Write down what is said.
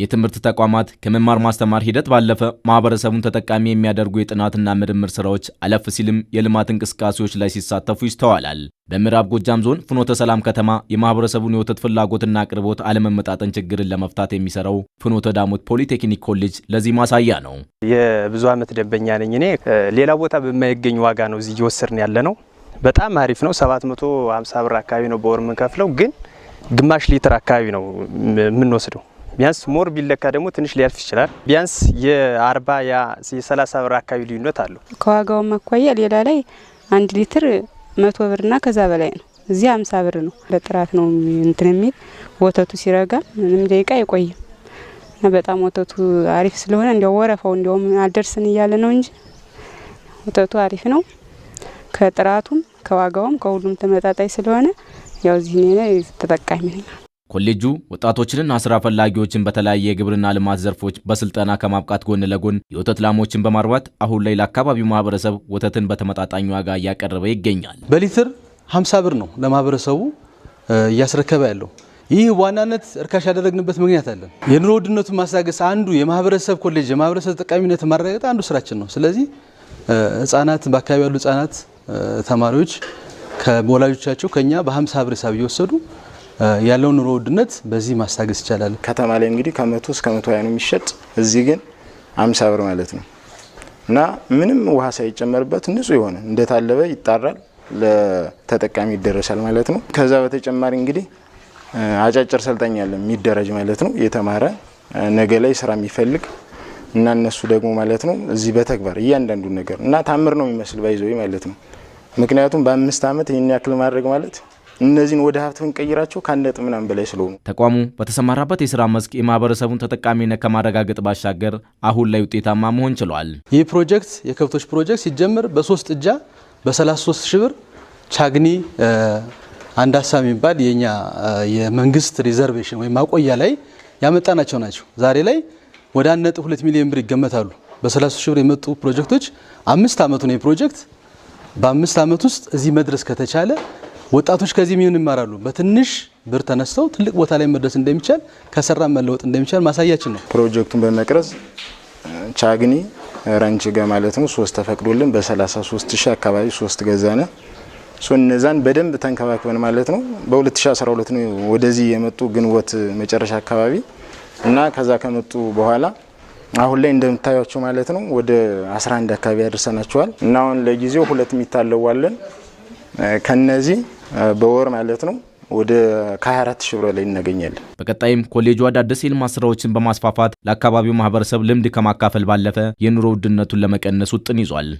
የትምህርት ተቋማት ከመማር ማስተማር ሂደት ባለፈ ማህበረሰቡን ተጠቃሚ የሚያደርጉ የጥናትና ምርምር ስራዎች አለፍ ሲልም የልማት እንቅስቃሴዎች ላይ ሲሳተፉ ይስተዋላል። በምዕራብ ጎጃም ዞን ፍኖተ ሰላም ከተማ የማህበረሰቡን የወተት ፍላጎትና አቅርቦት አለመመጣጠን ችግርን ለመፍታት የሚሰራው ፍኖተ ዳሞት ፖሊቴክኒክ ኮሌጅ ለዚህ ማሳያ ነው። የብዙ ዓመት ደንበኛ ነኝ እኔ። ሌላ ቦታ በማይገኝ ዋጋ ነው እዚህ እየወሰድን ያለ ነው። በጣም አሪፍ ነው። 750 ብር አካባቢ ነው በወር የምንከፍለው፣ ግን ግማሽ ሊትር አካባቢ ነው የምንወስደው ቢያንስ ሞር ቢለካ ደግሞ ትንሽ ሊያልፍ ይችላል። ቢያንስ የአርባ የሰላሳ ብር አካባቢ ልዩነት አለው። ከዋጋውም አኳያ ሌላ ላይ አንድ ሊትር መቶ ብርና ከዛ በላይ ነው። እዚህ አምሳ ብር ነው። በጥራት ነው እንትን የሚል ወተቱ ሲረጋ ምንም ደቂቃ አይቆይም እና በጣም ወተቱ አሪፍ ስለሆነ እንዲያው ወረፋው እንዲያውም አልደርስን እያለ ነው እንጂ ወተቱ አሪፍ ነው። ከጥራቱም ከዋጋውም ከሁሉም ተመጣጣኝ ስለሆነ ያው እዚህ ተጠቃሚ ነኝ። ኮሌጁ ወጣቶችንና ስራ ፈላጊዎችን በተለያየ የግብርና ልማት ዘርፎች በስልጠና ከማብቃት ጎን ለጎን የወተት ላሞችን በማርባት አሁን ላይ ለአካባቢው ማህበረሰብ ወተትን በተመጣጣኝ ዋጋ እያቀረበ ይገኛል። በሊትር 50 ብር ነው ለማህበረሰቡ እያስረከበ ያለው። ይህ ዋናነት እርካሽ ያደረግንበት ምክንያት አለን። የኑሮ ውድነቱን ማስታገስ አንዱ የማህበረሰብ ኮሌጅ የማህበረሰብ ተጠቃሚነት ማረጋገጥ አንዱ ስራችን ነው። ስለዚህ ህጻናት በአካባቢ ያሉ ህጻናት ተማሪዎች ከወላጆቻቸው ከኛ በ50 ብር ሂሳብ እየወሰዱ ያለው ኑሮ ውድነት በዚህ ማስታገስ ይቻላል። ከተማ ላይ እንግዲህ ከመቶ እስከ መቶ ሀያ ነው የሚሸጥ እዚህ ግን አምሳ ብር ማለት ነው እና ምንም ውሃ ሳይጨመርበት ንጹህ የሆነ እንደታለበ ይጣራል፣ ለተጠቃሚ ይደረሳል ማለት ነው። ከዛ በተጨማሪ እንግዲህ አጫጭር ሰልጣኝ ያለ የሚደረጅ ማለት ነው የተማረ ነገ ላይ ስራ የሚፈልግ እና እነሱ ደግሞ ማለት ነው እዚህ በተግባር እያንዳንዱ ነገር እና ታምር ነው የሚመስል ባይዘ ማለት ነው። ምክንያቱም በአምስት ዓመት ይህን ያክል ማድረግ ማለት እነዚህን ወደ ሀብት ብንቀይራቸው ከአንድ ነጥብ ምናምን በላይ ስለሆኑ ተቋሙ በተሰማራበት የስራ መስክ የማህበረሰቡን ተጠቃሚነት ከማረጋገጥ ባሻገር አሁን ላይ ውጤታማ መሆን ችሏል። ይህ ፕሮጀክት የከብቶች ፕሮጀክት ሲጀመር በሶስት እጃ በ33 ሽብር ብር ቻግኒ አንዳሳ የሚባል የኛ የመንግስት ሪዘርቬሽን ወይም ማቆያ ላይ ያመጣናቸው ናቸው። ዛሬ ላይ ወደ 1.2 ሚሊዮን ብር ይገመታሉ። በ30 ሺህ ብር የመጡ ፕሮጀክቶች አምስት ዓመቱ ነው። የፕሮጀክት በአምስት ዓመት ውስጥ እዚህ መድረስ ከተቻለ ወጣቶች ከዚህ ምን ይማራሉ? በትንሽ ብር ተነስተው ትልቅ ቦታ ላይ መድረስ እንደሚቻል ከሰራ መለወጥ እንደሚቻል ማሳያችን ነው። ፕሮጀክቱን በመቅረጽ ቻግኒ ራንች ጋ ማለት ነው ሶስት ተፈቅዶልን በ33 ሺህ አካባቢ ሶስት ገዛነ እነዛን በደንብ ተንከባክበን ማለት ነው በ2012 ነው ወደዚህ የመጡ ግንቦት መጨረሻ አካባቢ እና ከዛ ከመጡ በኋላ አሁን ላይ እንደምታዩቸው ማለት ነው ወደ 11 አካባቢ አድርሰናቸዋል እና አሁን ለጊዜው ሁለት የሚታለዋለን ከነዚህ በወር ማለት ነው ወደ ከ24 ሺህ ብር ላይ እናገኛለን። በቀጣይም ኮሌጁ አዳዲስ የልማት ስራዎችን በማስፋፋት ለአካባቢው ማህበረሰብ ልምድ ከማካፈል ባለፈ የኑሮ ውድነቱን ለመቀነስ ውጥን ይዟል።